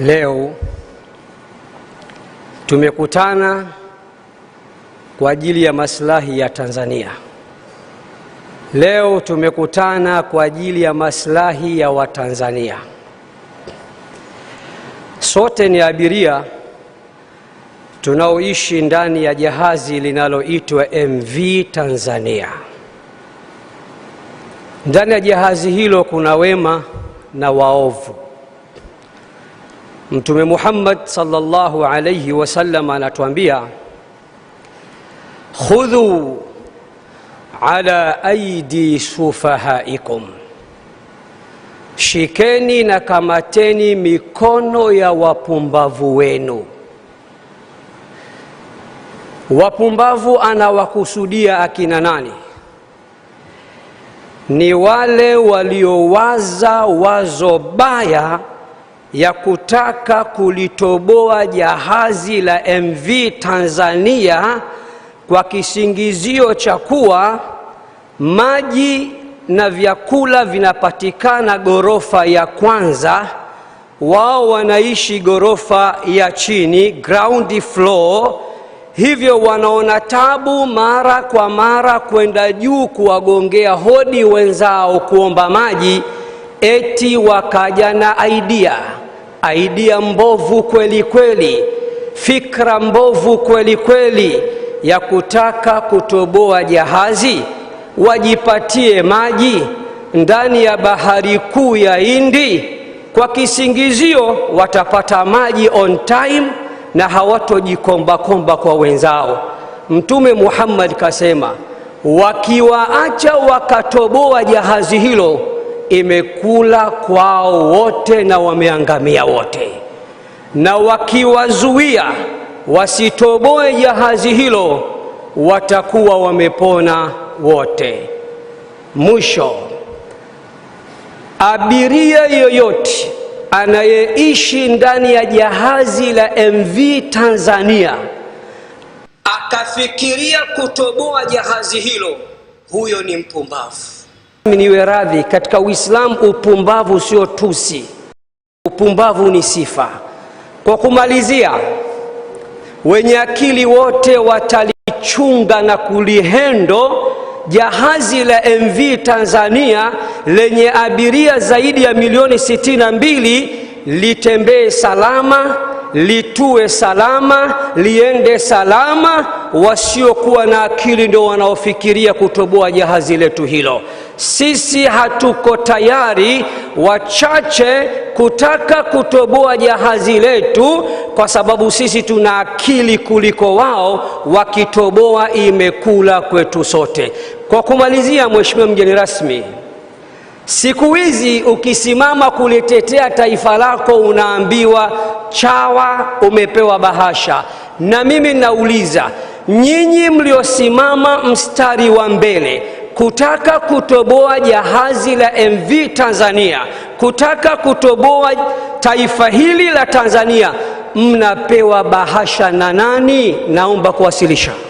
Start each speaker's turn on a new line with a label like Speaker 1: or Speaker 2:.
Speaker 1: Leo tumekutana kwa ajili ya maslahi ya Tanzania. Leo tumekutana kwa ajili ya maslahi ya Watanzania. Sote ni abiria tunaoishi ndani ya jahazi linaloitwa MV Tanzania. Ndani ya jahazi hilo kuna wema na waovu. Mtume Muhammad sallallahu alayhi wasallam anatuambia, khudhu ala aidi sufahaikum, shikeni na kamateni mikono ya wapumbavu wenu. Wapumbavu anawakusudia akina nani? Ni wale waliowaza wazo baya ya kutaka kulitoboa jahazi la MV Tanzania kwa kisingizio cha kuwa maji na vyakula vinapatikana ghorofa ya kwanza, wao wanaishi ghorofa ya chini, ground floor. Hivyo wanaona tabu mara kwa mara kwenda juu kuwagongea hodi wenzao kuomba maji, eti wakaja na idea aidia mbovu kweli kweli, fikra mbovu kweli kweli ya kutaka kutoboa jahazi wajipatie maji ndani ya bahari kuu ya Hindi kwa kisingizio watapata maji on time na hawatojikombakomba kwa wenzao. Mtume Muhammad kasema, wakiwaacha wakatoboa jahazi hilo imekula kwao wote na wameangamia wote, na wakiwazuia wasitoboe jahazi hilo watakuwa wamepona wote. Mwisho, abiria yoyote anayeishi ndani ya jahazi la MV Tanzania akafikiria kutoboa jahazi hilo, huyo ni mpumbavu. Niwe radhi katika Uislamu, upumbavu sio tusi, upumbavu ni sifa. Kwa kumalizia, wenye akili wote watalichunga na kulihendo jahazi la MV Tanzania lenye abiria zaidi ya milioni 62 litembee salama litue salama, liende salama. Wasiokuwa na akili ndio wanaofikiria kutoboa jahazi letu hilo. Sisi hatuko tayari, wachache kutaka kutoboa jahazi letu, kwa sababu sisi tuna akili kuliko wao. Wakitoboa imekula kwetu sote. Kwa kumalizia, Mheshimiwa mgeni rasmi Siku hizi ukisimama kulitetea taifa lako unaambiwa chawa, umepewa bahasha. Na mimi nauliza nyinyi mliosimama mstari wa mbele kutaka kutoboa jahazi la MV Tanzania, kutaka kutoboa taifa hili la Tanzania, mnapewa bahasha na nani? Naomba kuwasilisha.